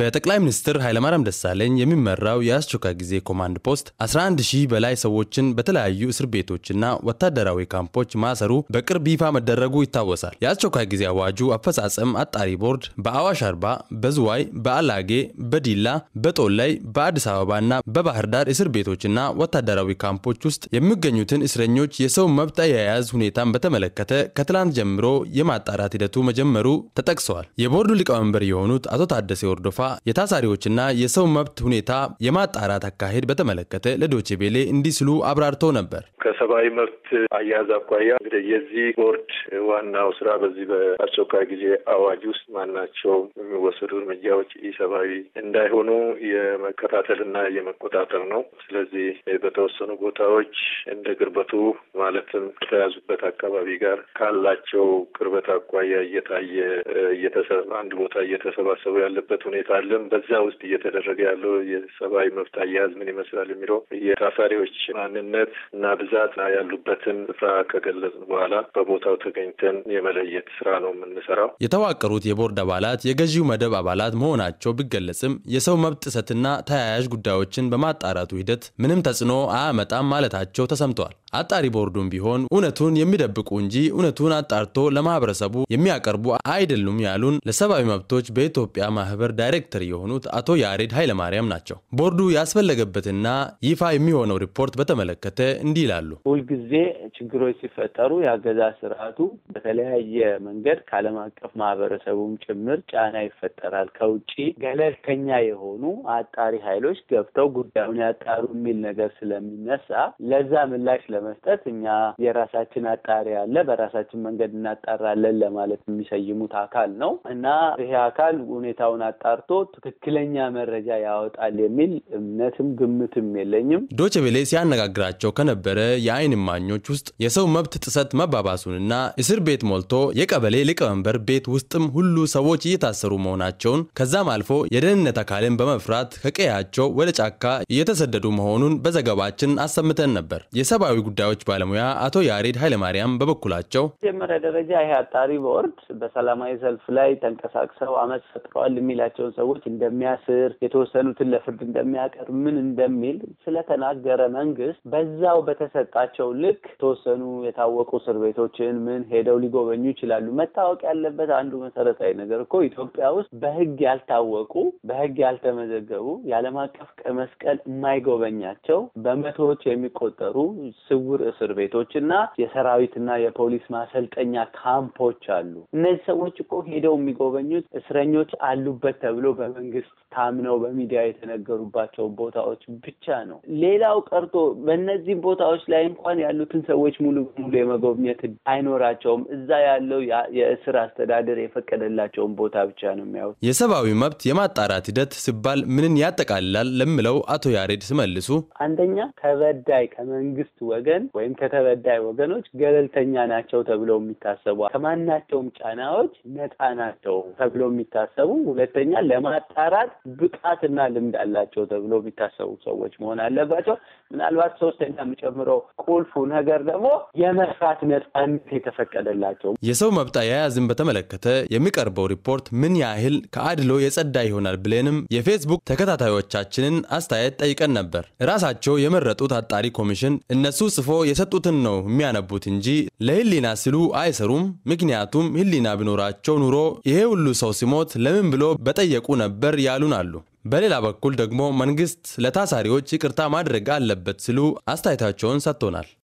በጠቅላይ ሚኒስትር ኃይለማርያም ደሳለኝ የሚመራው የአስቸኳይ ጊዜ ኮማንድ ፖስት 11 ሺህ በላይ ሰዎችን በተለያዩ እስር ቤቶችና ወታደራዊ ካምፖች ማሰሩ በቅርብ ይፋ መደረጉ ይታወሳል። የአስቸኳይ ጊዜ አዋጁ አፈጻጸም አጣሪ ቦርድ በአዋሽ አርባ፣ በዝዋይ፣ በአላጌ፣ በዲላ፣ በጦላይ፣ በአዲስ አበባና በባህር ዳር እስር ቤቶችና ወታደራዊ ካምፖች ውስጥ የሚገኙትን እስረኞች የሰው መብት አያያዝ ሁኔታን በተመለከተ ከትላንት ጀምሮ የማጣራት ሂደቱ መጀመሩ ተጠቅሰዋል። የቦርዱ ሊቀመንበር የሆኑት አቶ ታደሴ ወርዶፋ የታሳሪዎችና የሰው መብት ሁኔታ የማጣራት አካሄድ በተመለከተ ለዶቼ ቤሌ እንዲህ ሲሉ አብራርተው ነበር። ከሰብአዊ መብት አያያዝ አኳያ እንግዲህ የዚህ ቦርድ ዋናው ስራ በዚህ በአስቸኳይ ጊዜ አዋጅ ውስጥ ማናቸው የሚወሰዱ እርምጃዎች ኢሰብአዊ እንዳይሆኑ የመከታተልና የመቆጣጠር ነው። ስለዚህ በተወሰኑ ቦታዎች እንደ ቅርበቱ ማለትም ከተያዙበት አካባቢ ጋር ካላቸው ቅርበት አኳያ እየታየ እየተሰ አንድ ቦታ እየተሰባሰቡ ያለበት ሁኔታ እንሰራለን። በዛ ውስጥ እየተደረገ ያለው የሰብአዊ መብት አያያዝ ምን ይመስላል የሚለው የታሳሪዎች ማንነት እና ብዛት ያሉበትን ስፍራ ከገለጽን በኋላ በቦታው ተገኝተን የመለየት ስራ ነው የምንሰራው። የተዋቀሩት የቦርድ አባላት የገዢው መደብ አባላት መሆናቸው ቢገለጽም የሰው መብት ጥሰትና ተያያዥ ጉዳዮችን በማጣራቱ ሂደት ምንም ተጽዕኖ አያመጣም ማለታቸው ተሰምተዋል። አጣሪ ቦርዱም ቢሆን እውነቱን የሚደብቁ እንጂ እውነቱን አጣርቶ ለማህበረሰቡ የሚያቀርቡ አይደሉም ያሉን ለሰብአዊ መብቶች በኢትዮጵያ ማህበር ዳይሬክተር ዳይሬክተር የሆኑት አቶ ያሬድ ኃይለማርያም ናቸው። ቦርዱ ያስፈለገበትና ይፋ የሚሆነው ሪፖርት በተመለከተ እንዲህ ይላሉ። ሁልጊዜ ችግሮች ሲፈጠሩ የአገዛ ስርዓቱ በተለያየ መንገድ ከዓለም አቀፍ ማህበረሰቡም ጭምር ጫና ይፈጠራል። ከውጭ ገለልተኛ የሆኑ አጣሪ ኃይሎች ገብተው ጉዳዩን ያጣሩ የሚል ነገር ስለሚነሳ ለዛ ምላሽ ለመስጠት እኛ የራሳችን አጣሪ አለ፣ በራሳችን መንገድ እናጣራለን ለማለት የሚሰይሙት አካል ነው እና ይሄ አካል ሁኔታውን አጣር አጣርቶ ትክክለኛ መረጃ ያወጣል የሚል እምነትም ግምትም የለኝም። ዶቼ ሲያነጋግራቸው ከነበረ የአይን ማኞች ውስጥ የሰው መብት ጥሰት መባባሱንና እስር ቤት ሞልቶ የቀበሌ ሊቀመንበር ቤት ውስጥም ሁሉ ሰዎች እየታሰሩ መሆናቸውን ከዛም አልፎ የደህንነት አካልን በመፍራት ከቀያቸው ወደ ጫካ እየተሰደዱ መሆኑን በዘገባችን አሰምተን ነበር። የሰብአዊ ጉዳዮች ባለሙያ አቶ ያሬድ ኃይለማርያም በበኩላቸው መጀመሪያ ደረጃ ይሄ አጣሪ ቦርድ በሰላማዊ ሰልፍ ላይ ተንቀሳቅሰው አመፅ ፈጥረዋል የሚላቸውን ሰዎች እንደሚያስር፣ የተወሰኑትን ለፍርድ እንደሚያቀርብ፣ ምን እንደሚል ስለተናገረ መንግስት በዛው በተሰጣቸው ልክ የተወሰኑ የታወቁ እስር ቤቶችን ምን ሄደው ሊጎበኙ ይችላሉ። መታወቅ ያለበት አንዱ መሰረታዊ ነገር እኮ ኢትዮጵያ ውስጥ በህግ ያልታወቁ በህግ ያልተመዘገቡ የዓለም አቀፍ ቀይ መስቀል የማይጎበኛቸው በመቶዎች የሚቆጠሩ ስውር እስር ቤቶች እና የሰራዊትና የፖሊስ ማሰልጠኛ ካምፖች አሉ። እነዚህ ሰዎች እኮ ሄደው የሚጎበኙት እስረኞች አሉበት ተብሎ ብሎ በመንግስት ታምነው በሚዲያ የተነገሩባቸው ቦታዎች ብቻ ነው። ሌላው ቀርቶ በእነዚህ ቦታዎች ላይ እንኳን ያሉትን ሰዎች ሙሉ በሙሉ የመጎብኘት አይኖራቸውም። እዛ ያለው የእስር አስተዳደር የፈቀደላቸውን ቦታ ብቻ ነው የሚያዩት። የሰብአዊ መብት የማጣራት ሂደት ሲባል ምንን ያጠቃልላል ለምለው አቶ ያሬድ ሲመልሱ፣ አንደኛ ተበዳይ ከመንግስት ወገን ወይም ከተበዳይ ወገኖች ገለልተኛ ናቸው ተብለው የሚታሰቡ ከማናቸውም ጫናዎች ነፃ ናቸው ተብለው የሚታሰቡ ሁለተኛ ለማጣራት ብቃትና ልምድ አላቸው ተብሎ የሚታሰቡ ሰዎች መሆን አለባቸው። ምናልባት ሶስተኛ የምጨምረው ቁልፉ ነገር ደግሞ የመስራት ነጻነት የተፈቀደላቸው። የሰው መብት አያያዝን በተመለከተ የሚቀርበው ሪፖርት ምን ያህል ከአድሎ የጸዳ ይሆናል ብለንም የፌስቡክ ተከታታዮቻችንን አስተያየት ጠይቀን ነበር። ራሳቸው የመረጡት አጣሪ ኮሚሽን እነሱ ጽፎ የሰጡትን ነው የሚያነቡት እንጂ ለህሊና ሲሉ አይሰሩም። ምክንያቱም ህሊና ቢኖራቸው ኑሮ ይሄ ሁሉ ሰው ሲሞት ለምን ብሎ በጠየቁ ይጠይቁ ነበር ያሉን አሉ። በሌላ በኩል ደግሞ መንግስት ለታሳሪዎች ይቅርታ ማድረግ አለበት ሲሉ አስተያየታቸውን ሰጥቶናል።